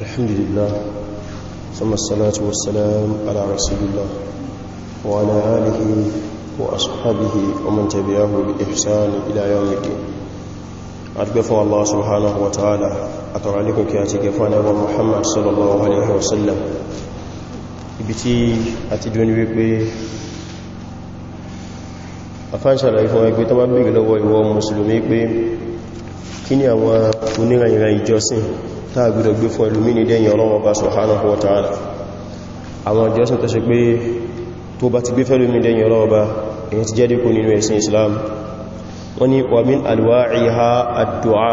الحمد لله ثم الصلاة والسلام على رسول الله وعلى آله وأصحابه ومن تبعه بإحسان إلى يوم الدين أتقفوا الله سبحانه وتعالى أترى لكم كياتقفان أبو محمد صلى الله عليه وسلم ibiti àti joni wípé afáǹṣàlàyé fún ẹgbẹ́ tó bá bèèrè lọ́wọ́ ìwọ mùsùlùmí pé kí ni àwọn oníranìran ìjọsìn táà gbọ́dọ̀ gbé fún ẹlùmí ní dẹ́yìn ọlọ́wọ́ bá subhanahu wa ta'ala àwọn ìjọsìn tó ṣe pé tó bá ti gbé fẹ́lùmí dẹ́yìn ọlọ́wọ́ bá èyí ti jẹ́dẹ́kù nínú ẹ̀sìn Islam wọ́n ni wa min alwa'iha addu'a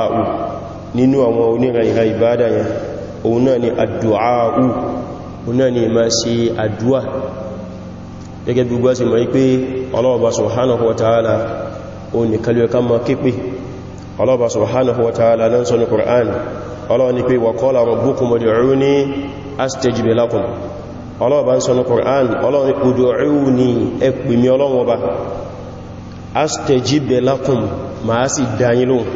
nínú àwọn onírànìyà ìbádà yẹn òun náà ni addu'a òun náà ni ma ṣe addu'a gẹ́gẹ́ bí sọ ní Qur'an ọlọ́wọ́ ni pé waqala rabbukum ud'uni astajib lakum ọlọ́wọ́ bá ń sọ ní Qur'an ọlọ́wọ́ ni ud'uni ẹ pè mí ọlọ́wọ́ bá astajib lakum ma a sì dáyín lóhun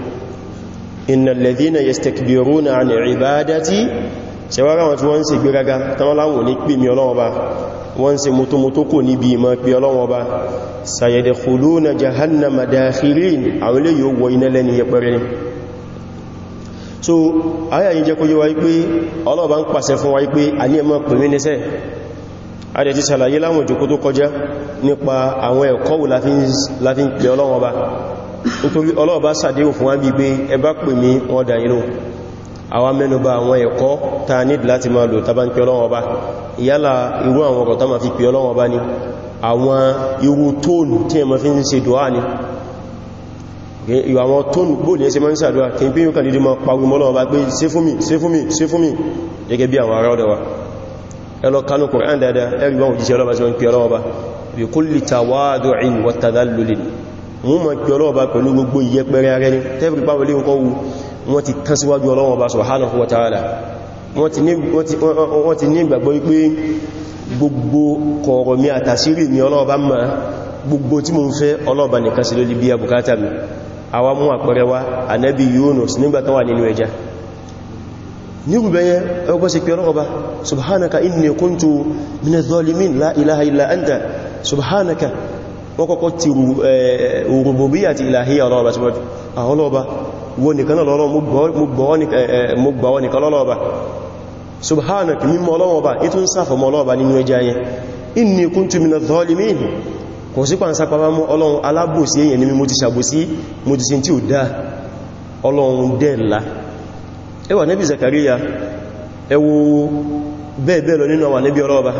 innal ladhina yastakbiruna an ibadati ṣẹwàrá wọn tí wọ́n ń ṣe gbéraga tánwọ́ láwọn ní pè mí ọlọ́wọ́ bá wọ́n ṣe mútúmútú jahannama dakhirin àwọn ilé yóò wọ iná lẹ́ni yẹpẹrẹ ni so ayà yìí jẹ́ kó yé wa wípé ọlọ́ọ̀bá ń pàṣẹ fún wa wípé a ní ẹmọ́ pè mí níṣẹ́ a dẹ̀ ti sàlàyé láwọn ìjòkó tó kọjá nípa àwọn ẹ̀kọ́ wù láfin pè ọlọ́ọ̀bá nítorí ọlọ́ọ̀bá sàdéhùn fún wa bí pé ẹbá pè mí wọ́n dà inú àwọn mẹ́nubà àwọn ẹ̀kọ́ ta nídì láti àwọn tónù bó ní ẹsẹ mọ́ ń sàdúwà kí n pín yóò kàlìdí ma pàwí mọ́lọ́wọ́ bá pé ṣe fún mi ṣe fún mi ṣe fún mi gẹ́gẹ́ bí àwọn ará ọ̀dọ̀wà ẹlọ kanú Kùrán dada ẹgbẹ̀rún òjíṣẹ́ ọlọ́ba sí wọn pẹ̀lú ọba bí kulli tawadu'in wa tadallulin mú ma pẹ̀lú ọba pẹ̀lú gbogbo ìyẹpẹrẹ ara ẹni tẹ́fì pàwọn ilé nǹkan wu wọ́n ti tán síwájú Ọlọ́hun Ọba subhanahu wa ta'ala wọ́n ti ní ìgbàgbọ́ pé gbogbo kọ̀ọ̀rọ̀ mi àtàsírí mi Ọlọ́hun Ọba mọ̀ gbogbo tí mo ń fẹ́ Ọlọ́hun Ọba nìkan sí lórí bí abùkátà mi àwa mú àpẹẹrẹ wá ànábì Yunus nígbàtán wà nínú ẹja nígbùbẹ̀yẹ ẹgbọ́ sí pé ọlọ́ọ̀bá subhanaka inni kuntu minaz zalimin la ilaha illa anta subhanaka wọ́n kọ́kọ́ ti rububiyyah àti ilahiyyah ọlọ́ọ̀bá ọlọ́ọ̀bá wọ́n nìkan lọ́rọ̀ mú gbọ́wọ́ nìkan lọ́ọ̀bá kò sí pàǹsápàá mú ọlọ́run alábòsí èyàn ní mo ti ṣàbòsí mo ti sin tí ò dá ọlọ́run dẹ́ẹ̀lá ẹwà nẹ́bí Zakariya ẹwọ bẹ́ẹ̀bẹ́ẹ̀ lọ nínú àwọn nẹ́bí ọlọ́ọba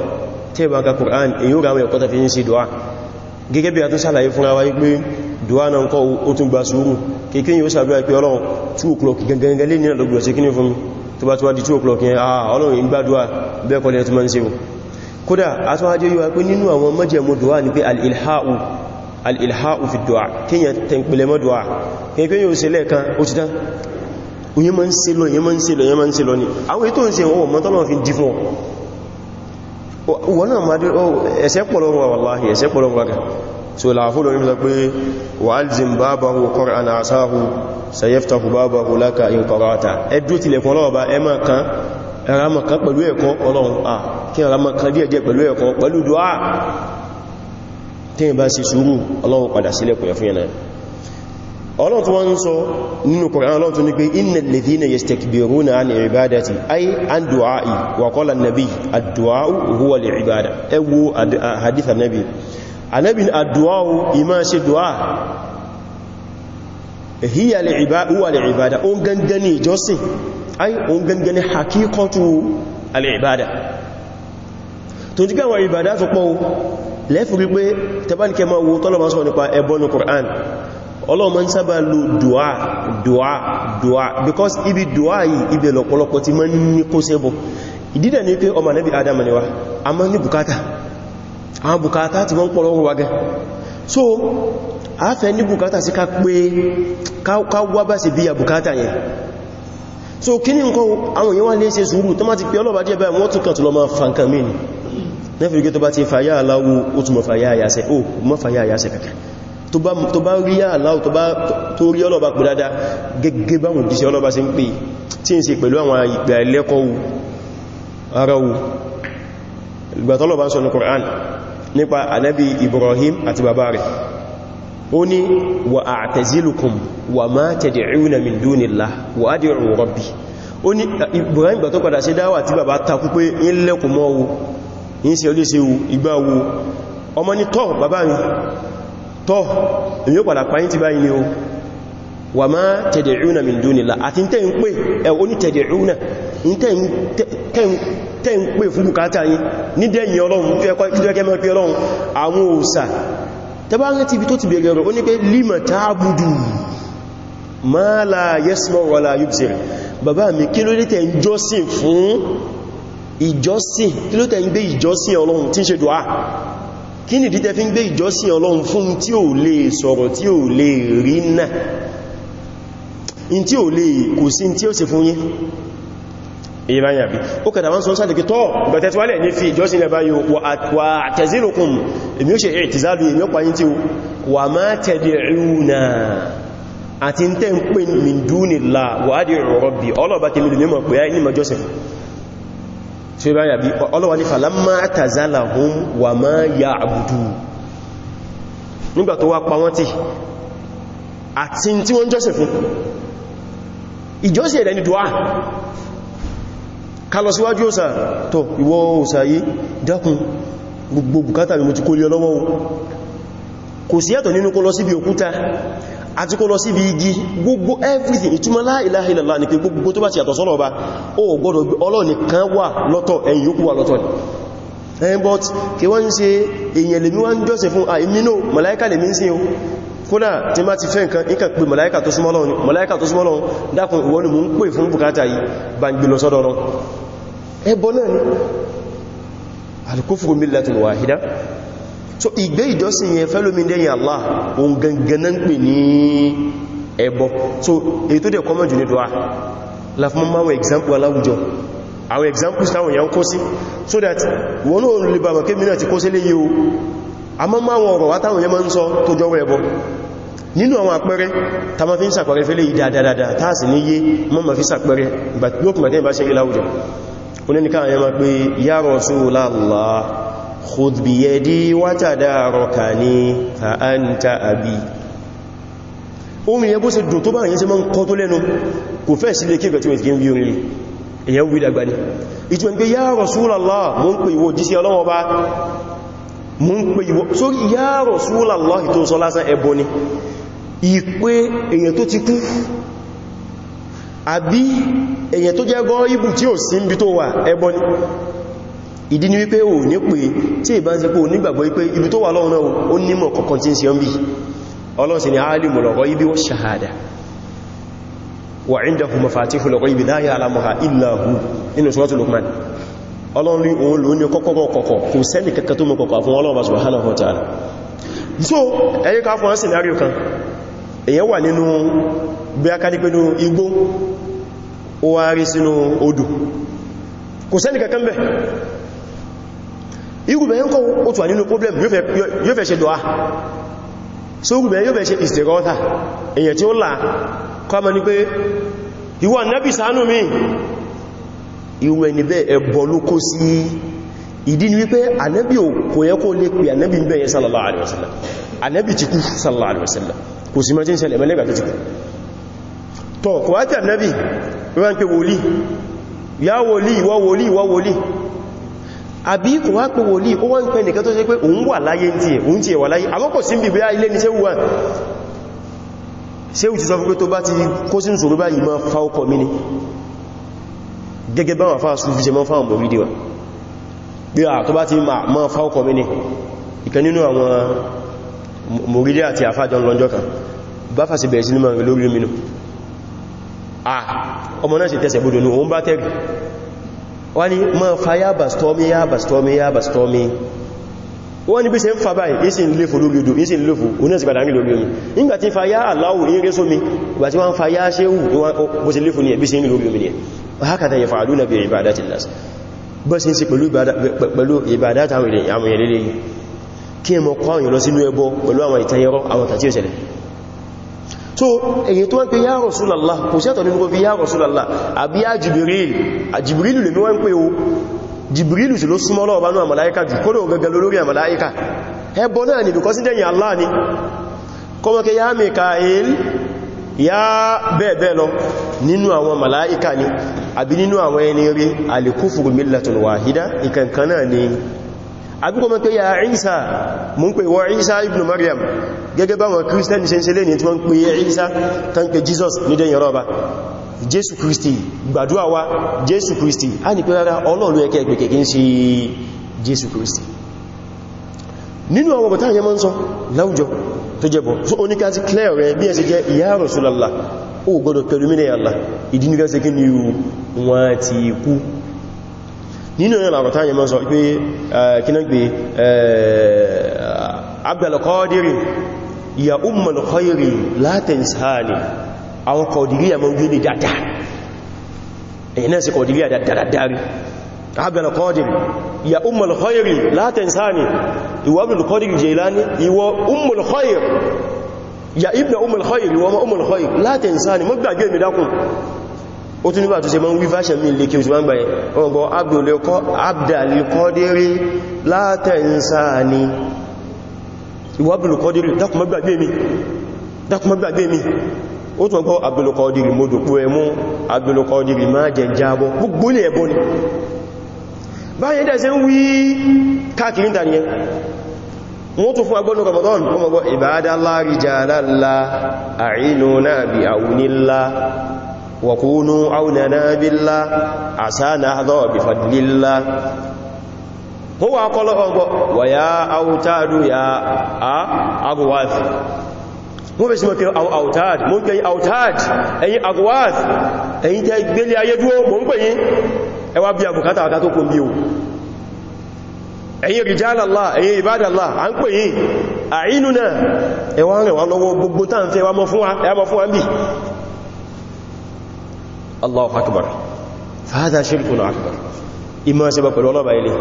tẹ́bà ka Qur'an èyí ó ráwẹ̀ ọ̀pọ̀ta fi ń ṣe dùá gẹ́gẹ́ bí a tún sàlàyé fúnra wa wípé dùá náà kọ́ ó tún gba sùúrù kéèkéé yóò sàbíwá pé ọlọ́run 2 o'clock gangan lè ní ọlọ́gbọ̀sí kí ní fún mi tó bá tó kódà a tún ajé yíwa pé nínú àwọn mọ́jẹ̀mú dùwà ní pé al-ilha'u al-ilha'u fi dùwà kíyàn tẹ̀m̀pìlẹ̀ mọ́ dùwà kíyàn pé yóò ṣe lẹ́ẹ̀kan ó ti tán oye ma ń ṣe lọ yẹn ma ń ṣe lọ yẹn ma ń ṣe lọ ní àwọn ètò ń ṣe wọ́n mọ́ tọ́lọ́ fi dí fún ọ wọ́n náà ma ẹ̀rámọ̀ kan pẹ̀lú ẹ̀kọ́ ọlọ́run à kí ẹ̀rámọ̀ kan díẹ̀ jẹ́ pẹ̀lú ẹ̀kọ́ pẹ̀lú dùá tí ìbá sí sùúrù ọlọ́run padà sílẹ̀ pẹ̀lú fún ẹ̀nà ọlọ́run tó wọ́n ai òun gangan ni hakikọtu al'ibada tó jí gáwọn ibada tó pọ̀ lẹ́fù rí pé tẹbánikẹ ma wo tọ́lọ̀ masu nípa ẹbọnu Qur'an ọlọ́mọ ń sábà lo dùá dùá dùá because ibi dùá yìí ibi lọ́pọ̀lọpọ̀ ti ma ń ní kó sẹ́bọ̀ ìdídẹ̀ ní pé ọmọ nẹ́bí Adam ni wa a ma bukata àwọn bukata ti wọ́n pọ̀ lọ́wọ́ wagẹ́ so a fẹ́ ní bukata sí ká pé ká wá bá sí bí a bukata yẹn so kíní nǹkan àwọn èèyàn wá lè ṣe sùúrù tó má ti pẹ ọlọ́bàá díẹ̀ báyìí wọ́n tún kàn tó lọ máa fa nǹkan mí ní nẹ́fìrí tó bá ti fàyà aláwò ó tún mọ̀ fàyà àyàṣẹ́ ó mọ̀ fàyà àyàṣẹ́ kàkà tó bá ara wù ìgbà tọ́lọ́bàá sọ Qur'an nípa ànábì Ibrahim àti bàbá ó ní wà a'tazilukum wà ma tad'una min dunillah wà ad'u rabbi ó ní Ibrahim gbà tó padà ṣe dáwà tí bàbá takú pé in lẹ́kùn mọ́ wo in se olóse wo igbá wo ọmọ ní tọ́ bàbá mi tọ́ èmi ó padà pàyín ti báyìí ni o wà ma tad'una min dunillah àti tẹ́ ń pè ẹ̀ ó ní tad'una ní tẹ́ ń pè fún bukata yìí ní dẹ́yìn ọlọ́run tó ẹkọ́ ìjọ́kẹ́ mọ́ pé ọlọ́run àwọn òòsà tẹbá rántí ibi tó ti bèèrè ọ̀rọ̀ ó ní pé lima ta'budu ma la yasma wa la yubsir bàbá mi kí ló lẹ́tẹ̀ ń jọ́sìn fún ìjọ́sìn kí ló tẹ̀ ń gbé ìjọ́sìn ọlọ́run tí ń ṣe dùá kí nìdí tẹ́ fi ń gbé ìjọ́sìn ọlọ́run fún tí ò lè sọ̀rọ̀ tí ò lè rí náà in tí ò lè kò sí ìbáyà bí ó kàtà wọ́n sọ sáàdì kí tọ́ bẹ̀tẹ̀ tí wà lẹ̀ ní fi ìjọsìn lẹ báyìí wà àtẹ̀zílùkùn èmi ó ṣe ìtìzálù èmi ó pàyín tí wà má tẹ̀dẹ̀rúnà àti ń tẹ́ ń pè min dúnìlá wà á dì rọ̀rọ̀ bí ọlọ́ba tèmi lè mímọ̀ pé ní mọ̀jọ́sìn tí ó báyà ẹ̀dẹ̀ ni dùá ká lọ síwájú òsà tó ìwọ òsà yìí dákun gbogbo bùkátà mi mo ti kó lé ọlọ́wọ́ kò sí ẹ̀tọ̀ nínú kó lọ síbi òkúta àti kó lọ síbi igi gbogbo everything ìtumọ̀ la ilaha illallah ní pé gbogbo tó bá ti yàtọ̀ sọ́lọ̀ ọba ó gbọ́dọ̀ ọlọ́ni kan wà lọ́tọ̀ ẹ̀yìn yókù wà lọ́tọ̀ but kí wọ́n ń ṣe èyàn lèmi wọ́n ń jọ́sìn fún àìmínú màláíkà lèmi ń sin o kódà tí má ti fẹ́ nǹkan ikà pé màláíkà tó súnmọ́ Ọlọ́run dákùn ìwọ́nù mú ń pè fún bùkátà yìí bá ń gbìlọ sọ́dọ̀ Ọlọ́run ẹbọ náà ni alkufru millatun wahida so ìgbé ìjọsìn yẹn fẹ́lómi dẹ́yìn Allah ohun gangan ń pè ní ẹbọ so èyí tó dẹ̀ kọmọ̀ jù ní dùá láfún máwọn example aláwùjọ àwọn examples táwọn yà ń kó sí so that wọn náà lè bàbà kí mìíràn ti kó sí lè yíò a mọ́ máwọn ọ̀rọ̀ wátáwọn yẹn máa ń sọ tó jọ ẹbọ nínú àwọn àpẹẹrẹ ta ma fi ń sàpẹẹrẹ fẹ́lẹ̀ ìdáadáadáa táà sì ní yé mọ́ ma fi sàpẹẹrẹ lókùnmọ̀ tẹ́ ìbá ṣe rí láwùjọ oníníkà yẹ ma pé ya Rasulallah khudh biyadi wa tadarakani fa anta abi omi yẹ bó ṣe dùn tó bá yẹ ṣe ma ń kọ́ tó lẹ́nu kò fẹ́ sílé kí ìgbẹ̀tí wọ́n bí orin èyàn wí dàgbà ní ìtùwẹ̀ pé ya Rasulallah mú ń pè ìwò jísí ọlọ́wọ́ bá àbí èyàn tó jẹ́ gọ́ ibù tí ò sí ibi tó wà ẹbọ ni ìdí ni wípé ò ní pé tí ìbá ń ṣe pé ò nígbàgbọ́ wípé ibi tó wà lọ́run náà ó nímọ̀ kọ̀kan tí ń ṣe ọmọ ọlọ́sì ni alimul ghaibi shahada wa indahu mafatihul ghaibi la ya'lamuha illa hu nínú suratul Luqman ọlọ́run ní òun ló ó wá rí sínú odò kò sẹ́ni kankan bẹ̀ irúbẹ̀ yẹn kọ́ ó tùwà nínú problem yóò fẹ́ ṣe dọ́á so irúbẹ̀ yóò fẹ́ ṣe ìsìtẹ̀kọ́ta èyàn tí ó là kọ́mọ̀ ní pé ìwọ Ànábì ṣàánú mi ìwọ ló kó sí ni wípé kò yẹ kó lè pè ń bẹ̀yẹ sallallahu alaihi wasallam wọ́n pè wòlí ya wòlí ìwọ wòlí ìwọ wòlí àbí kò wá pè wòlí ó wọ́n pè nìkan tó ṣe pé òun wà láyé ń tiẹ̀ òun tiẹ̀ wà láyé àkọ́kọ̀ sí bíbí ilé ní ṣéwù wà ṣéwù ti sọ fún pé tó bá ti kó sínú ṣòro báyìí máa fa ọkọ̀ mi ni gẹ́gẹ́ báwọn afáà sún fi ṣe máa fáwọn mọ̀ rídíwà bá ti máa Ah, ọmọ náà sì tẹ́sẹ̀ gbogbo ní òun bá tẹ́rì wọ́n ni ma fa ya bastọ́mí ya bastọ́mí ya bastọ́mí wọ́n ni bí ṣe ń fa báyìí ìsìn léfò lórí odò ìsìn léfò oní ẹ̀sìn padà rí lórí omi nígbà tí fa ya aláwò ní rẹ́ sómi ìgbà tí wọ́n fa ya ṣe hù bó ṣe léfò ní ẹ̀bí ṣe ń lórí omi ní ẹ̀ hákàtà yẹ fàálù na bèèrè ìbàdá ti lásì bọ́ sí sí pẹ̀lú ìbàdá táwọn ènìyàn àwọn ènìyàn lélẹ́yìn kí ẹ mọ̀ kọ́ àwọn ènìyàn lọ sínú ẹbọ pẹ̀lú àwọn ìtayẹrọ àwọn tàtí so èyí tó wọ́n pè ya Rasulullah kò sí ẹ̀tọ̀ nínú fi ya Rasulullah àbí ya Jibril àjìbìrìlù lè mú wọ́n pè o Jibril sí ló súnmọ́ lọ́wọ́ bánú àmàláíkà jù kódò gẹ́gẹ́ lórí àmàláíkà ni ya àbíkò mọ́ pé ya Ìsá mú ń pè wọ Ìsá ibn Maryam gẹ́gẹ́ bá wọn kírísítẹ́nì ṣe ń ṣe lè ní tí wọ́n ń pè Ìsá tán pè Jesus ní dẹ́yìn rọ́bà jésù kristi gbàdúwà wa jésù kristi a ní pé rárá ọlọ́run ẹkẹ́ ẹgbẹ̀ so ó clear rẹ bí ẹ ṣe jẹ́ ya Rasulallah ó gbọ́dọ̀ Allah ìdí ní fẹ́ ṣe kí nínú ẹ̀rọ àrọ̀tá yẹ mọ́ sọ pé kínágbé abdalkọ́dìrì ya ummal khairi látẹ̀nsì hàní àwọn kọ̀dìrí ya mọ́ gbé dáadáa èyí náà sí kọ̀dìrí ya dáadáa abdul qadir ya ummul khair la tansani ìwọ abdul qadir jilani ìwọ ummul khair ya ibn ummul khair ìwọ ummul khair la tansani mo gbàgbé mi dákun ó tún nígbà tó ṣe mọ́n wífáṣẹ̀ mí lè kí o ṣe máa ń gbáyẹ̀ ọgbọ̀ abdùlẹ̀kọ́dẹ̀rí látẹ̀ǹsá ni ìwọ́ abdùlẹ̀kọ́dẹ̀rí dákùnmọ́gbàgbé mi ó tún ọgbọ́ abdùlẹ̀kọ́dẹ̀rí mo dòpó ẹmú abdùlẹ̀kọ́dẹ̀rí máa jẹ jábọ́ gbogbo ilẹ̀ ẹbọ ni báyẹ̀ dẹ̀ ṣe ń wí káàkiri dàníyàn wọ́n tún fún agbọ́nù ramadan wọ́n mọ̀gbọ́ ìbádá lárí jà láàrín àìnú náà bí àwúnílá وكونوا عوننا بالله عسى نهضى بفضل الله هو أقول أغبى ويا أوتاد يا أغواث mú bẹ̀ sí mọ́ kí àwòtáàd mú ń kẹ́yìn àwòtáàd ẹ̀yìn agwáàd ẹ̀yìn tẹ́ gbélé ayé dúó mọ́ ń pẹ̀yìn ẹwà bí àbùkátà àkátó kò bí o ẹ̀yin rìjálàlá ẹ̀yin ìbádàlá a ń pè àìnúnà ẹwà rẹ̀ wà lọ́wọ́ gbogbo tàà ń fẹ́ wà mọ́ fún wa bí Allahu akbar fàádà ṣírkùn akbar ìmọ̀ ṣe bá pẹ̀lú ọlọ́bà ilé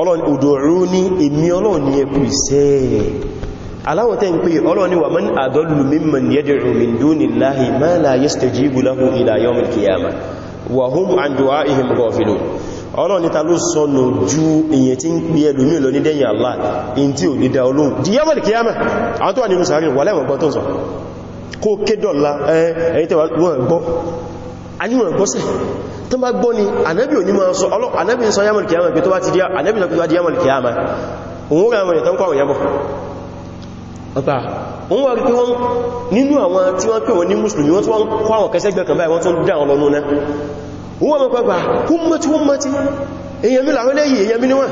ọlọ́ni òdòrú ní èmi ọlọ́ni ẹkù iṣẹ́ aláwọ̀tẹ́ ń pè ọlọ́ni wà mọ́n adallu mimman yad'u min dunillahi ma la yastajibu lahu ila yawmil qiyamah wa hum an du'a'ihim ghafilun ọlọ́ni ta ló sọnù ju èyàn tí ń pè ẹlùmí lọ ní dẹ́yìn Allah in tí ò ní dá olóhun di yawmil qiyamah àwọn tó wà nínú sàárè wà lẹ́wọ̀n gbọ́tọ̀ sọ kó kédọ̀lá ẹ̀yìn tẹ́wàá gbọ́ ayúwọ̀n gbọ́sẹ̀ tó bá gbọ́ ni ànábì ò ní máa sọ ọlọ́ ànábì ń sọ yamal kìyàmà pé tó bá ti di ànábì lọ pé tó bá di yamal kìyàmà òun rẹ̀ àwọn ìtànkọ́ àwọn yàmọ̀ ọ̀pá òun wà rí pé wọ́n nínú àwọn tí wọ́n pè wọ́n ní mùsùlùmí wọ́n tó wọ́n kọ́ àwọn kẹsẹ́gbẹ̀ kan báyìí wọ́n tó dá àwọn lọ́nà òun wà mọ́ pẹ́pàá kún mọ́ tí wọ́n mọ́ tí èyàn mi làwọn lẹ́yìn èyàn mi níwọ̀n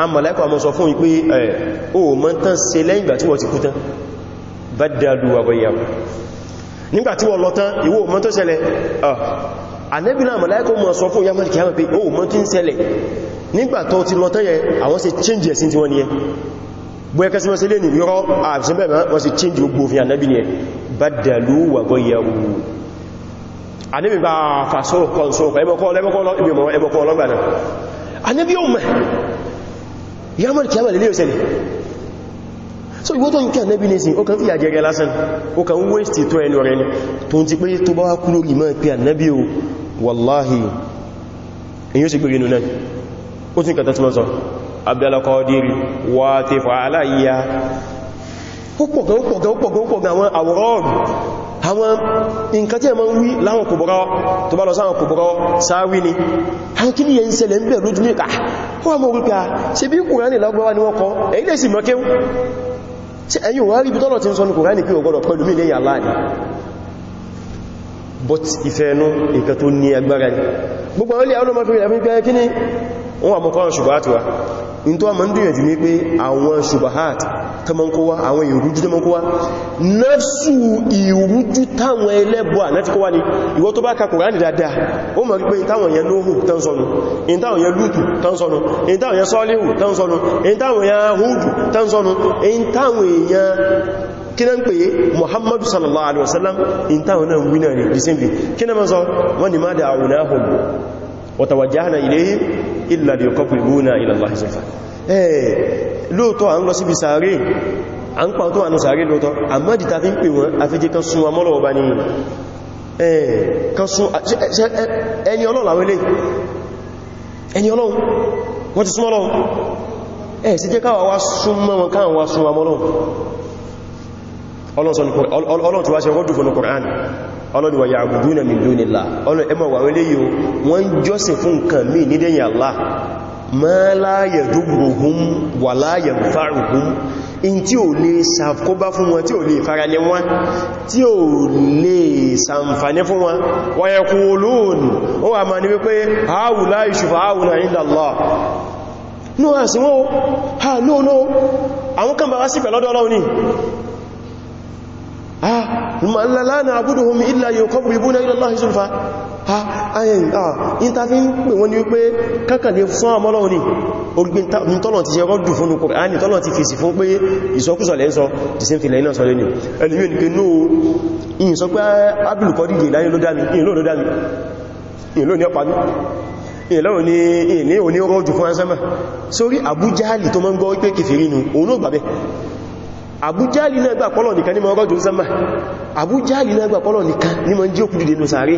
a mọ̀lẹ́kọ̀ àmọ́ sọ fún ìpé ẹ̀ o mọ́ tán ṣe lẹ́yìn ìgbà tí wọ́n ti kú tán bá dáadùwà nígbàtí wọ́n lọ tán ìwọ mọ́ tó ṣẹlẹ̀ ah, ànẹ́bìnà àmàláìkò mọ̀ sọ fún yamal kìí pé o mọ́ tí ń ṣẹlẹ̀ nígbàtọ́ ti lọ tán àwọn ṣe change ẹ̀sìn tí wọ́n ni ẹ bóyẹ́kẹ́ sí mọ́sílẹ̀ wọ́n ṣe change gbogbo òfin badalu wa ghayyaru ànẹ́bì bá fà sọ́rọ̀ kan sọ́rọ̀ ẹmọ́kọ́ ọlọ́gbà náà ànẹ́bì yóò mẹ́ yamal so ìwọ́n nke ń o ànẹ́bí ní sí ó kàn fi àjẹrẹ lásán ó kàn tó ẹnu rẹ̀ ni tó ti pé o gbèrè nù náà tún kàtà tí sọ abdalakọ́dìrì wà tẹfà aláyíyá ó pọ̀gán a máa ń a e ẹ̀yìn wọ́n rí bitọ́lọ̀ tí ń sọ ní kòránì pé ọgbọ́dọ̀ pẹ̀lú mí lẹ́yìn Allah ni but ìfẹ́ ẹnu nǹkan tó ní agbára ní gbogbo ọlẹ́ àwọn ọmọkùnrin àfi pé kí ni wọ́n wà mọ́kànlá ṣùgbọ́n àtúwà in tó wà mọ́ tọmọkọwa àwọn ìrújú tọmọkọwa náfsù ìrújú táwọn ẹlẹ́bọ̀ ànátíkọwa ni ìwọ tó bá ka Kùránì dáadáa ó mọ̀ wípé ìtàwọn yẹn Nóhù tán sọnù ìtàwọn yẹn Lútù tán sọnù ìtàwọn yẹn Sọ́líhù tán sọnù ìtàwọn yẹn Húdù tán sọnù ìtàwọn yẹn kíná ń pèé muhammadu sallallahu alaihi wasallam in táwọn náà wínà rẹ̀ disinbi kíná mọ́ sọ wọ́n ni da àwùnáhùn wata wàjáhànà iléyìn illa li yuqarribuna ila Allahi zulfa eh lóòtọ́ à ń lọ síbi sàárè à ń pàtó ànú sàárè lóòtọ́ àmọ́dì ta fi ń pè wọn afẹ́jẹ́ kan sun amọ́lọ̀wọ̀ bá ní ẹni ọlọ́run àwọn ilé ẹni ọlọ́run wọ́n ti súnmọ́ lọ́run ẹ̀ eh, sí jẹ́ káwà ọlọ́dún wa ya'buduna min dunillah ọlọ́dún ẹmọ wà wọlé yíò wọ́n jọ́sìn fún nǹkan mí ní dẹ́yìn Allah ma la yadurruhum wa la yanfa'uhum in tí ò lè ṣàkóbá fún wọn tí ò lè faralẹ̀ wọn tí ò lè ṣàǹfàní fún wọn wa yaqulun ó wà máa ní wípé ha'ula'i shufa'a'una ha no àwọn kan bá wá sí pẹ̀lọ́dọ́ ọlọ́run ni ah, la na'buduhum illa yuqarribuna ila Allahi zulfa ha ayin ah in ta fi ń pè wọ́n ní wípé kákàlẹ̀ fún àmọ́lọ́wọ́ ni orígbín tọ́lọ̀ ti ṣe rọ́dù fún ní Kùránì tọ́lọ̀ ti fèsì fún pé ìsọkúsọ̀ lẹ́ sọ the same thing lẹ́yìn náà sọ lẹ́ni ẹlùmí ni pé nóò in sọ pé Abdul Qadir Jilani ló dámi in ló ló dámi in ló ní ọpa àbújáàlì náà gbà pọ́lọ̀ nìkan ní mọ́ ọgọ́jọ́ sánmà àbújáàlì náà gbà pọ́lọ̀ nìkan ní mọ́ jí òkúrù dénú sàárè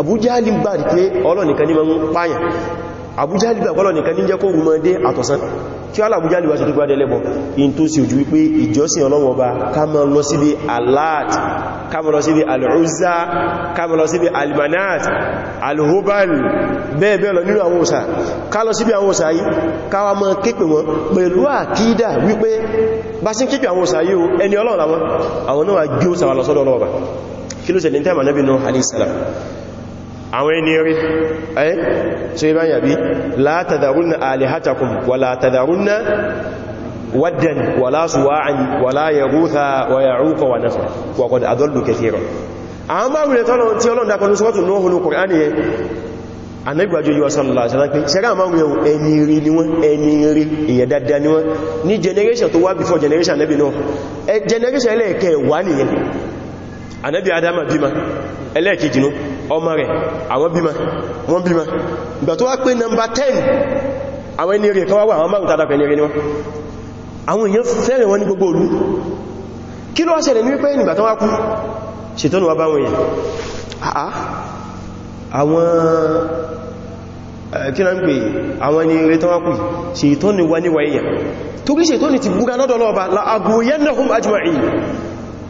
àbújáàlì gbà pé ọlọ́ nìkan ní mọ́ pààyàn àbújáàlì gbà pọ́lọ̀ nìkan ní jẹ́ kó rùmọ́ dé àtọ̀sán kí alàbújá lè wá ṣètò gbádẹ lẹ́bọ̀ in tó sì ojú wípé ìjọsìn ọlọ́wọ́ bá ká má lọ síbi alat ká má lọ síbi al-uzza ká má lọ síbi al-manat al-hubal bẹ́ẹ̀bẹ́ẹ̀ lọ nínú àwọn òsà ká lọ síbi àwọn òsà yìí ká wá mọ́ képe wọn pẹ̀lú àkídà wípé bá sí képe àwọn òsà yìí ẹni ọlọ́run àwọn ẹni rí ẹ́ tí ó bá yàbí látàdàrúnà alìhátakùn wà látàdàrúnà waddan wà lásùwá'an wà láyẹ̀rúta wà yàrúkọ wà náà wà kọ̀dà adọ́lù kẹfẹ́rọ àwọn bá wùlẹ̀ tí ọlọ́ndà kọlu sọ́tù náà hùlù kùránì yẹ anẹ́gbàjò yíwa sallallahu alaihi wasallam pé ṣẹ́gá máa wùlẹ̀ ẹni rí generation tó wá generation Ànábì náà generation ẹlẹ́ẹ̀kẹ́ wà nìyẹn Ànábì Adama bímá ẹlẹ́ẹ̀kejì náà ọmọ rẹ̀ àwọn bímọ wọ́n bímọ ìgbà tó wá pé nọmbà 10 àwọn ẹni rẹ̀ kan wá wà àwọn márùn tàbí ẹni rẹ̀ ni wọ́n àwọn èèyàn fẹ́rẹ̀ wọn ní gbogbo olú kí ló wá ṣẹlẹ̀ ní wípé ìgbà tó wá kú ṣètọ́nù wá bá wọn yẹn àwọn kí ló ń pè àwọn ẹni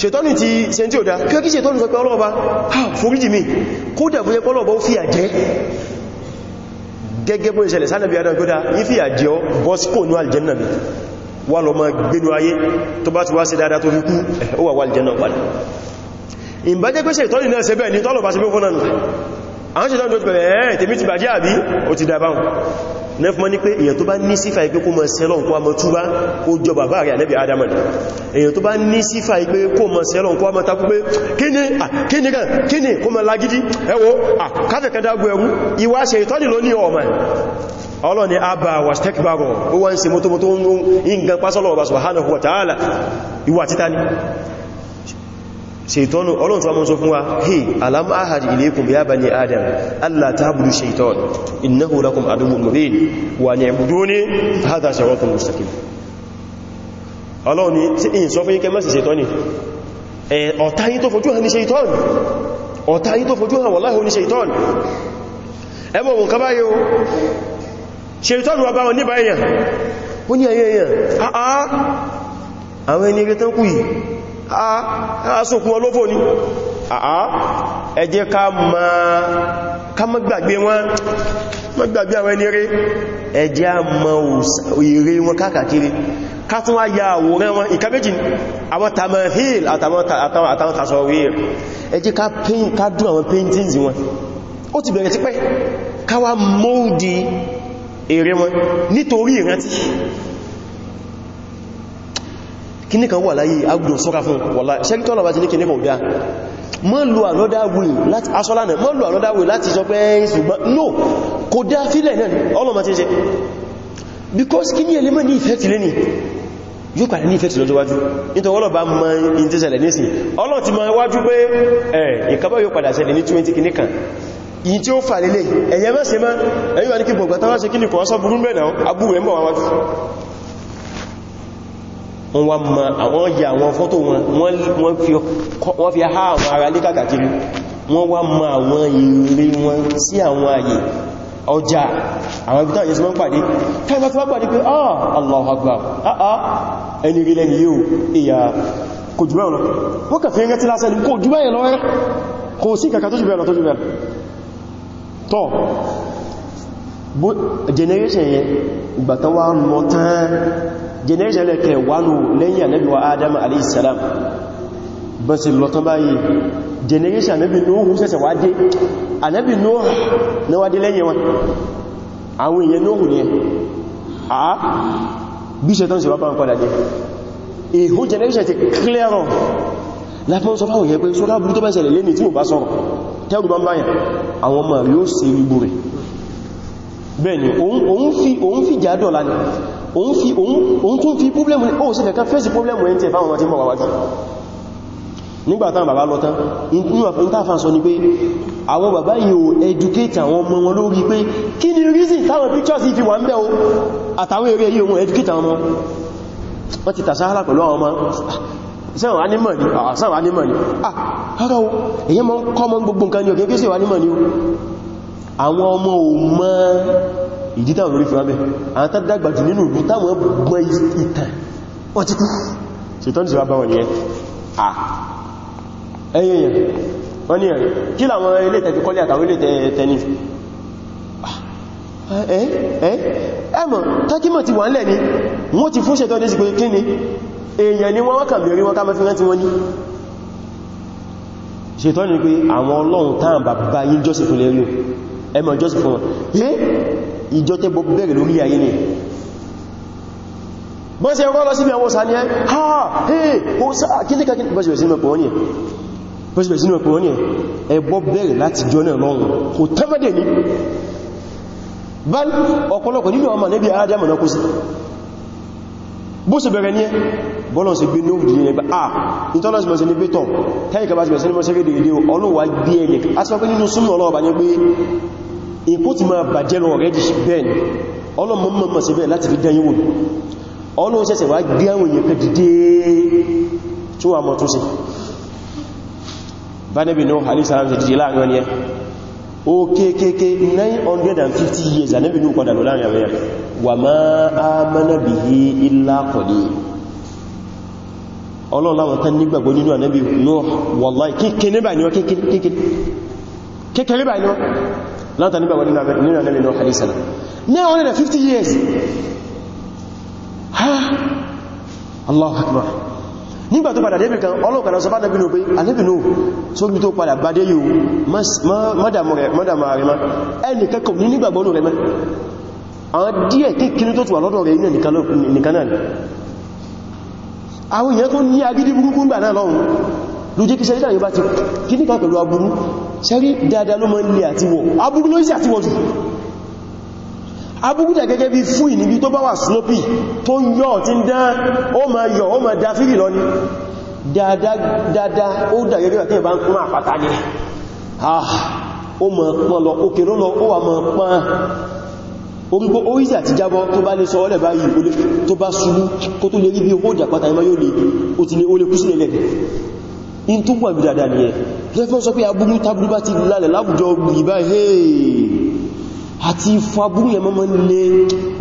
ṣètọ́nù ti ṣe tí ó dá kí ó kí ṣètọ́nù sọ pé ọlọ́ọ̀bá foríjì mi kó dẹ̀bú yẹ pọ́lọ̀bá ó fìyà jẹ gẹ́gẹ́ bó ìṣẹ̀lẹ̀ sánàbí adam kó dá yí fìyà jẹ ọ bọ́ sí kò ní aljanna mi wà lọ ma gbénu ayé tó bá ni tọ́lọ̀bá ṣe bẹ́ fún náà àwọn ṣètọ́nù tó ti ti bàjẹ́ àbí ó ti dá nẹ́fún mọ́ ní pé èyàn tó bá ní sífà ipé kó mọ́ sẹ́lọ̀n kó mọ́ túbá ó jọ bàbá rẹ̀ ànẹ́bì adama èyàn tó bá ní sífà ipé kó mọ́ sẹ́lọ̀n kó mọ́ takú pé kíni kíni kan kíni kó mọ́ lágídí ẹwọ́ káfẹ́kẹ́dágbó ẹwú ìwà ṣe ìtọ́nì ló ní ọmọ ṣètọ́nù ọlọ́run tó mọ́ sọ fún wa hey alam ahadi ilaykum ya bani adam allah ta'budu shaytan innahu lakum aduwwun mubin wa ni'buduni hadha siratun mustaqim ọlọ́run tí in sọ fún yín kẹ́ má ṣe ṣètọ́nì ọ̀tá yín tó fojú hàn ní ṣètọ́n ọ̀tá yín tó fojú hàn wallahi asòkun ah, ah, olófò ni àá ah, ẹ jẹ́ ká má gbàgbé wọn má gbàgbé àwọn ẹni rere ẹ jẹ́ a wọn káàkiri ká tún wá ya àwòrán wọn ìkàbéjì àwọn tamahil àtàwọn tasọ̀wìr ẹ jẹ́ ká dún àwọn paintings wọn ó ti bẹ̀rẹ̀ tipẹ́ ká wá mọ́ndì ère wọn nítorí ìrántí kíní kan wà láyé agbùdó sọ́ra fún wọ́lá ṣẹ́kítọ́ ọ̀nà bá ti ní kíní kan ọ̀dá mọ́ lò another way láti asọ́lánà mọ́ lò another way láti sọ pé ṣùgbọ́n no kò dá fílẹ̀ náà ọlọ́mà ti ṣe because kíní element ní ìfẹ́ tilé ni yóò pàdé ní ìfẹ́ lọ́jọ́ wájú nítorí ọlọ́ bá mọ́ in tí ṣẹlẹ̀ nísìn ọlọ́ ti mọ́ wájú pé ẹ̀ ìkàbọ̀ yóò padà ṣẹlẹ̀ ní 20 kìíní kan yìí tí ó fà lélẹ̀ ẹ̀yẹ mẹ́sẹ̀ mọ́ ẹ̀yíwá ní kí gbogbo tánwà ṣe kí ní kọ́ sọ burú mẹ́nà abúrú ẹ̀mọ́ wájú wọ́n wá ma àwọn yà àwọn fọ́tò wọn wọ́n fi há àwọn ará lé kàkàkiri wọ́n wá ma àwọn ìrè wọn sí àwọn àyè ọjà àwọn ibi táyẹ̀ sí wọ́n pàdé tẹ́gbà tí wọ́n pàdé pé ah Allahu Akbar ah ah ẹni rí lẹ́ni yíò ìyà kò jù bẹ́ẹ̀ lọ wọ́n kàfẹ́ rẹ́ tí lásẹ̀ ní kò jù bẹ́ẹ̀ lọ rẹ́ kò sí kàkà tó jù bẹ́ẹ̀ lọ tó jù bẹ́ẹ̀ tọ́ generation yẹn ìgbàtán wá mọ̀ tán generation lẹ́kẹ̀ wánu lẹ́yìn ànábì wa adam aleyhisselam bọ́n sí lọ́tán báyìí generation ànábì nóhù sẹ́sẹ̀ wá dé ànábì nóhù na wá dé lẹ́yìn wọn àwọn èèyàn nóhù ní à bí ṣe tán sí wápá ń padà dé èhù generation ti clear on láfẹ́ sọ fáwọn èèyàn pé sọ́lá burú tó bẹ́sẹ̀ lẹ́ni tí mo bá sọ̀rọ̀ tẹ́rù bá ń báyàn àwọn ọmọ yóò sí rí gbúrẹ̀ bẹ́ẹ̀ ni òun fi jádọ̀ lánàá òun tún fi problem ní òun sí kẹ̀kẹ́ fèsì problem ẹni tẹ́ fáwọn tí mọ̀ wáwájú nígbàtán bàbá lọ́tán ìtàfà sọ ni pé àwọn bàbá yìí ò educate àwọn ọmọ wọn lórí pé kí ni reason táwọn pictures yìí fi wà ń bẹ o àtàwọn eré yìí òun educate àwọn ọmọ wọ́n ti tàṣáhálà pẹ̀lú àwọn ọmọ sẹ́wọ̀n anímọ̀ ni àṣàwọn anímọ̀ ni ah ara ah, o èyí mọ́ kọ́ mọ́ gbogbo nǹkan ni ò ìdí táwọn orí fìwábẹ̀ àwọn tán dàgbà jù nínú ìlú táwọn gbọ́ ìtàn wọ́n ti kú ṣètọ́n ti wá bá wọn ni ẹ ẹ̀yẹ̀yẹ̀ wọ́n ni ẹ̀rẹ̀ kí làwọn ilé tẹ̀fẹ́ kọ́lé àtàwọn ilé tẹ́ni ẹ̀mọ̀ tọ́kímọ̀ ti wà ń lẹ̀ ni wọ́n ti fún ṣètọ́n dẹ́sì pé kí ni èèyàn ni wọ́n wọ́n kàn bèèrè wọn ká mẹ́fí rántí wọn ní ṣètọ́n ni pé àwọn ọlọ́run táà bàbá yí jọ́sìn fún lẹ́rí ẹmọ̀ jọ́sìn fún wọn ìjọ tẹ́bọ̀ bẹ̀rẹ̀ lórí ayé ni bọ́n ṣe rọ́ lọ sí ìyàwó sáà ní ẹ́ ha hey o sáà kílíkà kí bọ́sí bẹ̀sí mẹ́pọ̀ ní ẹ̀bọ́ bẹ̀rẹ̀ láti jọ náà lọ́rùn kò tẹ́mẹ́dẹ̀ ní bá ọ̀pọ̀lọpọ̀ nínú ọmọ níbi Ádámù náà kó sí bó ṣe bẹ̀rẹ̀ ní ẹ bọ́lọ̀ sí gbé nóòdì ní ẹgbà ah intolerance mọ̀ sí ní pétọ̀ tẹ́yìnkà bá ti bẹ̀rẹ̀ sí èkó ti máa bàjẹ́ lọ rẹ̀ di bẹ́ẹ̀ ni ọlọ́mọ mọ́mọ́ sí bẹ́ẹ̀ láti fi dán yíwò ọlọ́run ṣẹ̀ṣẹ̀ wá gbé àwọn èèyàn pẹ́ dìde tó wà mọ̀ tó sí bá nẹ́bì ní alìsára ṣe dìde láàrin ọ̀nìyàn ó kéèkéé 950 years anẹ́bì ní padà lọ láàrin ọ̀nìyàn wà máa amana bihi illa qalil ọlọ́run láwọn tán nígbàgbọ́ nínú ànẹ́bì Nuh wallahi kéèkéé níbà ní wọ́n kéèkéé látà nígbàgbà nínú ànẹ́bì náà hadisala 950 years ha Allahu Akbar nígbà tó padà débì kan ọlọ́kàdà sọ bá nàbí ní pé ànẹ́bì náà sórí tó padà gbádé yóò mọ́dàmà rẹ̀ má ẹni kẹ́kọ̀ọ́ ní nígbàgbọ́nù rẹ̀ mẹ́ àwọn díẹ̀ kékeré tó tù wà lọ́dọ̀ rẹ̀ iná nìkan náà àwọn èèyàn tó ṣẹ́rí dáadáa ló mọ́ ilé àti wọ̀ abúrú ló sí àti wọ̀ jù abúrú dà gẹ́gẹ́ bí fún ìníbi tó bá wà snoopy tó ń yọ́ tí ń dán ó ma yọ ó ma dá fílì lọ ní dáadáa ó dà gẹ́gẹ́ bí ah, ó ma pán lọ òkè lọ́lọ ó wà ma pán orígbó oríṣẹ́ àti jábọ́ tó bá lè sọ ọlẹ̀ báyìí in tó wà bí dáadáa ni ẹ jẹ́fẹ́ sọ pé aburú tábúrú bá ti lálẹ̀ láwùjọ gbìyànbá hey àti fún aburú yẹn mọ́mọ́ lé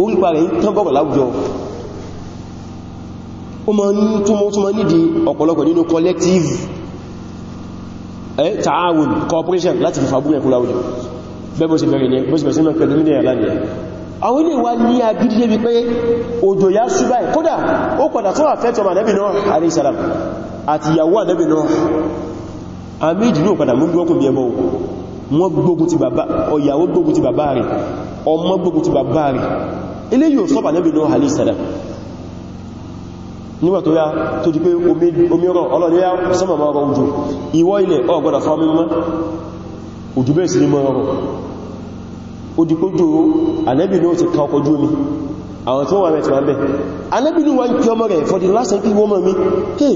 orípa rẹ̀ tán bọ̀rọ̀ láwùjọ ó ma ń túnmọ́ túnmọ́ nídi ọ̀pọ̀lọpọ̀ nínú collective eh, ta'awun cooperation láti fi fàbúrú ẹkùn láwùjọ bẹ́bọ̀ sí bẹ̀rẹ̀ ní bọ́sibẹ̀ sí mẹ́kẹ̀ẹ́ nílẹ̀ ìyàlá àwọn ilé wa ní agídí débi pé òjò yá ṣúgbà ẹ̀ kódà ó padà tó àfẹ́ tọmà nẹ́bì náà alayhi salam àti ìyàwó ànábì náà àmìjì ní òpadà mú bí wọ́n kò bí ẹbọ wọ́n gbógun ti bàbá ọ̀yàwó gbógun ti bàbá rẹ̀ ọmọ gbógun ti bàbá rẹ̀ ilé yóò sọ́pà ànábì náà halí sàdá nígbà tó yá tó di pé omi ọ̀rọ̀ ọlọ́dẹ́ yá sọ́mọ̀ mọ́ ọrọ̀ òjò ìwọ́ ilẹ̀ ọgbọ́dọ̀ fọ́ mímọ́ òjò bẹ́ẹ̀ sí ní mọ́ ọrọ̀ àwọn tí wọ́n wà mẹ́tì wọ́n bẹ̀ ànábì ní wọ́n kí ọmọ rẹ̀ for the last time kí wọ́n hey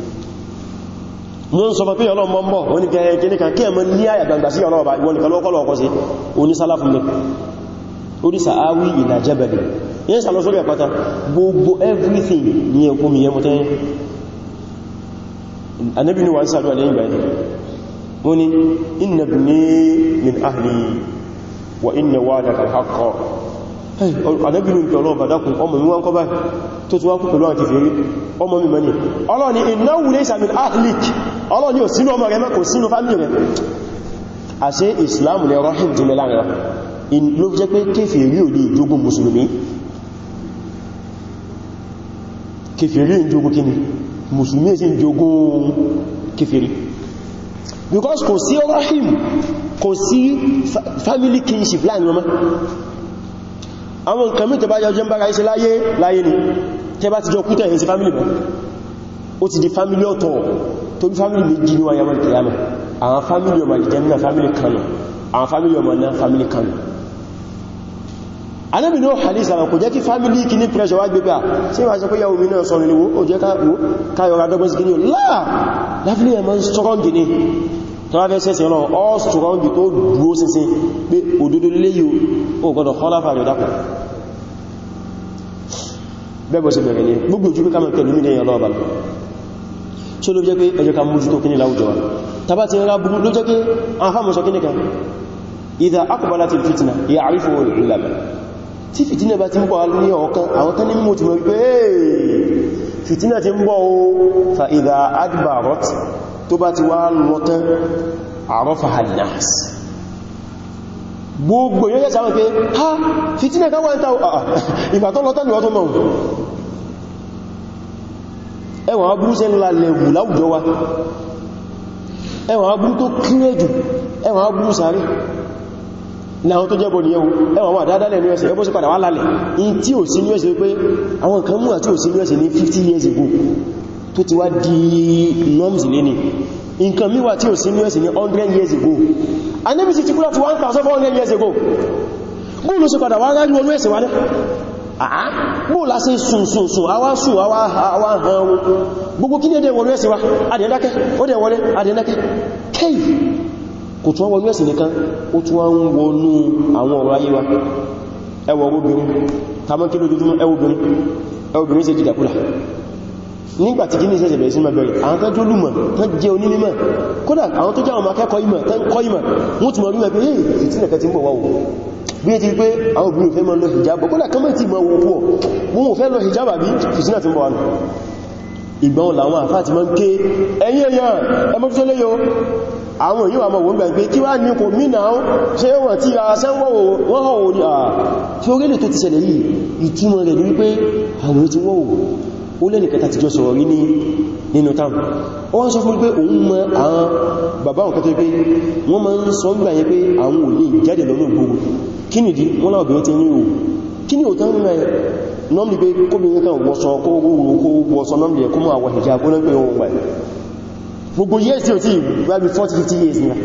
wọ́n sọ pé ọlọ́run mọ́ mọ́ wọ́n ní kẹ́ẹ̀ẹ́ kí ní kan kí ẹ̀mọ́ ní àyà gbangba sí ọlọ́run bá ìwọ̀n nìkan lọ́kọ́lọ́ ọkọ́ sí onísálàfún mi orísà everything ní ẹkùn mi yẹn mú tẹ́yẹn anábì ni wà ń sàdúwà lẹ́yìn gbà wọ́n ni inna ibni min ahli wa inna wa'daka al-haqq anábì ní ọlọ́run bá dákùn ọmọ mi wọ́n kọ́ báyìí tó ti wá kú pẹ̀lú àti fèrí ọmọ mi mọ́ ní ọlọ́run ni innahu laysa min ahlik ọlọ́ni ò sínú ọmọ rẹ̀ mọ́ kò sínú fámílì rẹ̀ àṣẹ islam lè rọ́hìm tó mẹ́lá rẹ̀ ló jẹ́ pé kéfèrí ò lè jogún mùsùlùmí kéfèrí ń jogún kíni mùsùlùmí sì ń jogún kéfèrí because kò sí rọ́hìm kò sí family kinship láàrin ọmọ àwọn nǹkan mí tẹbá jọjọ́ bára iṣẹ́ láyé láyé ni tẹbá ti jọ kútẹ̀ ìyẹn sí family mọ́ ó ti di family ọ̀tọ̀ tó bí fámílì méjì ní wáyé mọ́lì kìyàmà àwọn fámílì ọmọ ìjẹ́mìnà fámílì kanu àwọn fámílì ọmọ náà fámílì kanu anábì náà hadith àwọn kò jẹ́ kí fámílì kì ní pressure wá gbégbà sí wá jẹ́ pé yàwó mi náà sọ nílùú ó jẹ́ káyọ̀rọ̀ adọ́gbọ́n sí gíní láà láfílì ẹ̀mọ́ strong gini tó wá fẹ́ sẹ́sẹ̀ náà all strong tó dúó sínsín pé òdodo léyò ó gbọ́dọ̀ kọ́láfà rẹ̀ dápọ̀ bẹ́gbọ́ sí bẹ̀rẹ̀ ní gbogbo ojú pé ká mọ̀ pẹ̀lú mílíọ̀n lọ́ọ̀bàlù so ló jẹ́ pé ẹjọ́ ka mújú tó kí ní láwùjọ wa tàbá ti rá burú ló jẹ́ pé an fàmù sọ kí ní kan idha aqbalat al-fitna ya'rifu al-ulama tí fìtínà bá ti ń bọ̀ ní ọ̀kan àwọn tán ní mú ha fìtínà káwọn ta ìgbà tó lọ́tán ni wọ́n tó ẹwọ̀n agbúrú sẹ́nu lẹ́wù láwùjọ wa ẹwọ̀n agbúrú tó kílẹ̀ jù ẹwọ̀n agbúrú sáré láwọn tó jẹ́bọ̀ nìyẹn ẹwọ̀n wà dáadáa lẹ́nu ẹsẹ̀ ẹbọ́ sí padà wà lálẹ̀ in tí ò sí ní ẹsẹ̀ pé àwọn kan mú àti ò sí ní ẹsẹ̀ ní 50 years ago tó ti wá di norms lẹ́ni nǹkan míwà tí ò sí ní ẹsẹ̀ ní 100 years ago anẹ́bí sì ti kúrò ti 1400 years ago bóòlù sí padà wá rárí olú ẹsẹ̀ wálẹ́ àá mú lásí sùnsùnsùn àwá sùn àwá àwá hàn oko gbogbo kí ní èdè wọlé ẹ̀sìn wa adẹ́dákẹ́ ó dẹ̀ wọlé adẹ́dákẹ́ kéì kò tún wọlé ẹ̀sìn nìkan ó tún wá ń wọnú àwọn ọ̀rọ̀ ayé wa ẹwọ obìnrin tàbí kí lójoojúmọ́ ẹwọ obìnrin ẹwọ obìnrin ṣe dìdàkúlà nígbàtí kí ní ìṣẹ́ṣẹ̀ bẹ̀rẹ̀ sí ma bẹ̀rẹ̀ àwọn tán jó lùmọ̀ tán jẹ́ onímọ̀ kódà àwọn tó jáwọn akẹ́kọ̀ọ́ ìmọ̀ tán kọ́ ìmọ̀ wọ́n ti mọ̀ rí mẹ́ pé èyí ìtìnẹ̀kẹ́ ti ń bọ̀ wá wò bí i ti pé àwọn obìnrin fẹ́ mọ́ lọ hijab kọ́lá kọ́mọ̀ tí ma wo pọ̀ wọ́n ò fẹ́ lọ hijab àbí fìsínà ti mọ̀ wà náà ìgbọ́n làwọn àfáà ti ma ń ké ẹ̀yìn èèyàn ẹmọ́tútó léyò àwọn yíò àmọ̀ wọ́n gbà pé kí wá ní kò mínà ó ṣe wọ́n tí a sẹ́wọ́ wọ́n hàn òní àà tí ó rélè tó ti ṣẹlẹ̀ yìí ìtumọ̀ rẹ̀ ní wípé àwọn tí wọ́n ó lẹ́nì kẹta ti jọ sọ̀rọ̀ rí nínú tam ó wá sọ fún pé òun mọ àwọn bàbá òun pé wọ́n ma ń sọ gbà yẹ pé àwọn ò jáde lọ́nà gbogbo kí ni dí wọ́n láwọn obìnrin ti ní òwò kí ni òtán nínú ẹ̀ nọ́mì pé kóbìnrin kan wọ́sọ kó wúwo kó wọ́sọ nọ́mì ẹ̀ mọ́ àwọ̀ ìjà gbóná pé ohun wà tí ó ti 40-50 years nira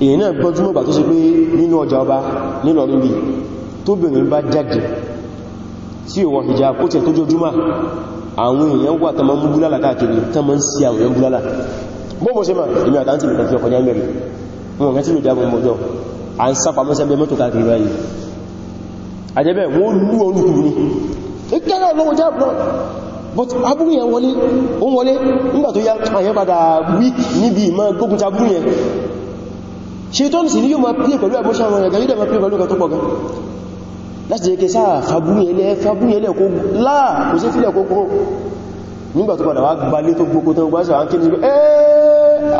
èyí náà gbọ́njúmọ́ bà tó ṣe pé nínú ọjà ọba nínú ọdún bí tóbìnrin bá jáde tí ò wọ hijab kó tẹ̀ tó jójúmọ́ àwọn èèyàn wà tàmà mú búlálà káàkiri tàmà ń sí àwọn èèyàn búlálà mọ́jọ́ à ń sá pamọ́ sẹ́gbẹ́ mọ́tò káàkiri báyìí àjẹ́bẹ̀ wọ́n lú olùkùn ní ìkẹ́lẹ̀ lọ́wọ́ jẹ́ blood but abúrú yẹn wọlé o ń wọlé nígbà tó yá àyẹ́ padà weak níbi ìmọ̀ gbógun tabúrú yẹn ṣe tó ń sì ní yóò máa pílẹ̀ pẹ̀lú àbúṣà wọn ẹ̀gá yóò dẹ̀ máa pílẹ̀ pẹ̀lú ọkọ̀ tó pọ̀ gan láti jẹ́ kẹsà fàbúrú yẹn lẹ́ fàbúrú yẹn lẹ́ kó láà kò sí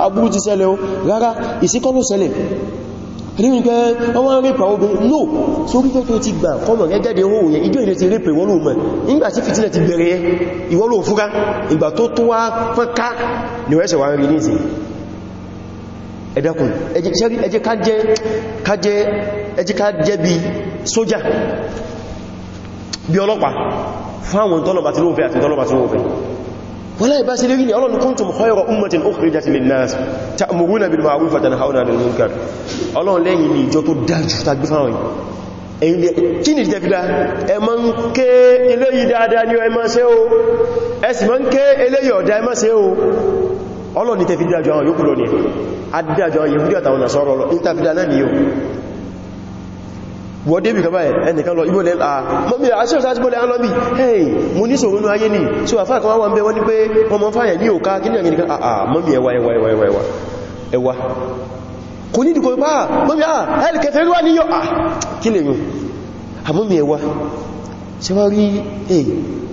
abúrú ti ṣẹlẹ̀ o rárá ìsíkọ́ ló ṣẹlẹ̀ ní wípé ọwọ́n rípa obìnrin no so wípé tó ti gbà kọmọ̀ gẹ́gẹ́dẹ̀ owó yẹn ìjọ ilẹ̀ ti rípa ìwọ́n lóòmọ̀ nígbà tí fìtílẹ̀ ti bẹ̀rẹ̀ ìwọ́n lóò fúra ìgbà tó tó wá pẹ́ká ni wọ́n ẹ̀ṣẹ̀ wá rí wallahi bá sí lérí ní ọlọ́run kuntum khayra ummatin ukhrijat lin-nas ta'muruna bil ma'ruf wa tanhauna 'anil munkar ọlọ́run lẹ́yìn ní ìjọ tó dájú tàbí fáwọn yìí kí ni jẹ́fìdá ẹ ma ń ké eléyìí dáadáa ní ẹ ma ṣe o ẹ sì ma ń ké eléyìí ní àdídájọ yẹ̀húdí àtàwọn nàṣọ́rọ̀ wọ́n débì kaba ẹ̀ ẹnìkan lọ ibò lẹ́lá mọ́mí àṣíọ̀ sáájú bó lẹ́lá lọ́bí hey mo ní ṣòro ní ayé ní tí wà fáàkọ́ wọ́n bẹ́ wọ́n ní pé wọ́n mọ́ fáyẹ̀ ní òká kí ní ẹ̀gẹ̀nìkan àà ah, ah, mọ́mí ẹwà ẹwà ẹwà ẹwà ẹwà ẹwà kò ní dìkò bá ah, mọ́mí àà ẹlẹ́kẹfẹ́ rí wà níyọ à kí lè yùn àmọ́mí ẹwà ṣe wá rí ẹ̀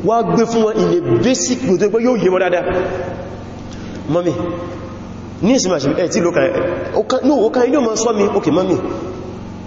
wá gbé fún wọn ilẹ̀ basic ló tó pé yóò yé wọn dáadáa mọ́mí ní ìsinmi àṣìbí ẹ̀ tí lókàn ó kàn inú ọmọ sọ́mi okay mọ́mí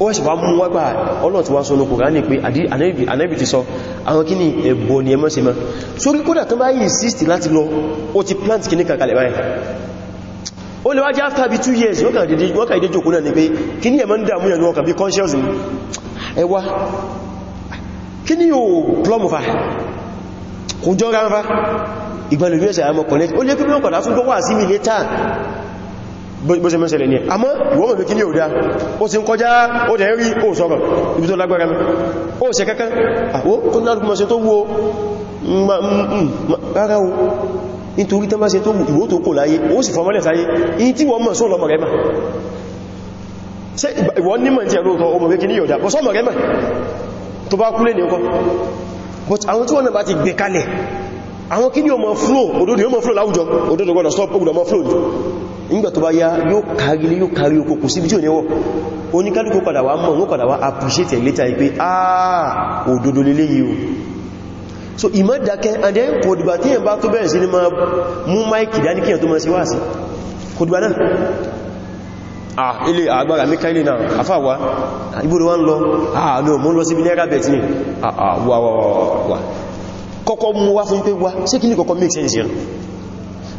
ó wẹ́sì wá mú wágbà ọlọ́ ti wá sọ lókùnrin á ní pé ànábì ti sọ àwọn kí ní ẹ̀bọ̀ ni ẹmọ́ sí mọ́ sórí kódà tó bá yìí plant kì ní wá jẹ́ after two years wọ́n kà ìdíjò kúnnà ní pé kí ní ẹmọ́ ń dàmú ẹ̀nu ọkà bí conscious ẹwà kí ní ò plumb fa kò jọ ránfà ìgbàlùmí ẹ̀sẹ̀ àmọ́ connect ó lé kí bí wọ́n kọ̀dá gbọ́wà sí mi létà bó ṣe mẹ́sẹ̀lẹ̀ ní àmọ́ ìwọ̀n mẹ́kí ní òdá ó sì ń kọjá ó dẹ̀ rí ó sọ̀rọ̀ ibi tó lágbára mi ó ṣe kankan àwọ́ tó lágbàmọ́ ṣe tó wo rárá o nítorí tẹ́ máa ṣe tó ìwò tó kò láyé ó sì fọmọ́lẹ̀ sáyé in tí wọ́n mọ̀ só lọmọ rẹ̀mà ṣe ìwọ̀n nímọ̀ tí ẹ̀lóòtọ́ ọmọ rẹ̀ kì ní yọ̀dá bọ́ sọmọ rẹ̀mà tó bá kúlé ní ọkọ̀ but àwọn tí wọ́n náà bá ti gbé kalẹ̀ àwọn kí ní ọmọ flow òdòdó yóò mọ̀ flow láwùjọ òdòdó gbọ́dọ̀ stop òdòdó mọ̀ flow nígbà tó bá yá yóò kárí ilé yóò kárí oko kò síbi tí ò níwọ̀ oníkálùkù padà wá mọ̀ ní padà appreciate ẹ̀ later pé àà ah, òdodo lélé yìí o so ìmọ́dákẹ́ and then kò dìbà tí yẹn bá tó bẹ̀rẹ̀ sí ní mú wá ah ilé ah, agbára mika ilé náà afáwa ah, ibùdó wá ah no mo ń lọ síbi náírà ah ah wà wà wà kọ́kọ́ mú wá fún pé wá sí kí ní kọ́kọ́ make sense yẹn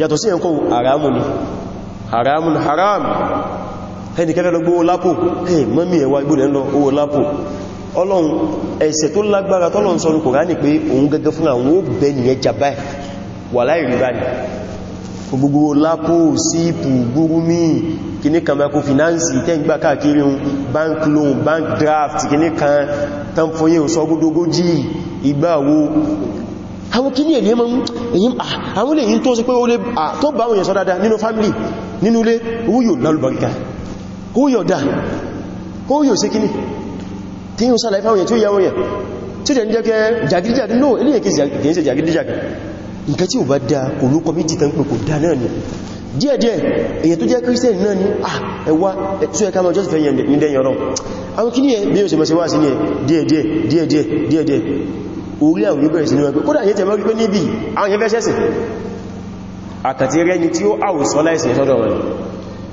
yàtọ̀ sí ẹ̀kọ́ haramu ni haramu haram ẹnikẹ́lẹ́ lọ gbówó lápò ẹ̀ mọ́mí ẹ̀wà igbólẹ̀ lọ owó lápò ọlọ́run ẹ̀ṣẹ̀ tó lágbára tọ́lọ́run sọ ní Kùránì pé òun gẹ́gẹ́ fún àwọn ó bẹ nìyẹn jàbá ẹ̀ wà láìrí bá ní gbogbo lápò sípù bank loan bank draft kìníkan tán fún yíò sọ́gúdógójì ìgbàwó àwọn kí ní èdè mọ́ èyí àwọn ilé tó sì pé ó lè tó bá àwọn èèyàn nínú family nínú ilé owó yóò lálùbáríkà owó yóò dáa owó yóò sí kíní tí yíò sálàí fáwọn èèyàn tí ó yàwó yẹn tí ó jẹ́ jẹ́ jàgídíjàgí náà ilé yẹn kìí ṣe jàgídíjàgí nǹkan tí ò bá dáa kò ló kọmítì tán pé kò dáa náà ni díẹ̀díẹ̀ èyàn tó jẹ́ kírísítẹ̀nì náà ni à ẹwà tó ẹka máa jọ́sìfẹ́ yẹn ní dẹ́yìn ọ̀rọ̀ àwọn kí ní ẹ bí yóò ṣe mọ́ sí wá sí ní ẹ díẹ̀díẹ̀ díẹ̀díẹ̀ díẹ̀díẹ̀ orí àwọn oníbẹ̀rẹ̀ sí ní wọ́n pé kódà yẹ́ tẹ̀mọ́ rí pé níbi àwọn yẹ́ fẹ́ àkàtí rẹ́ni tí ó àwòsọ́lá ìsìn sọ́dọ̀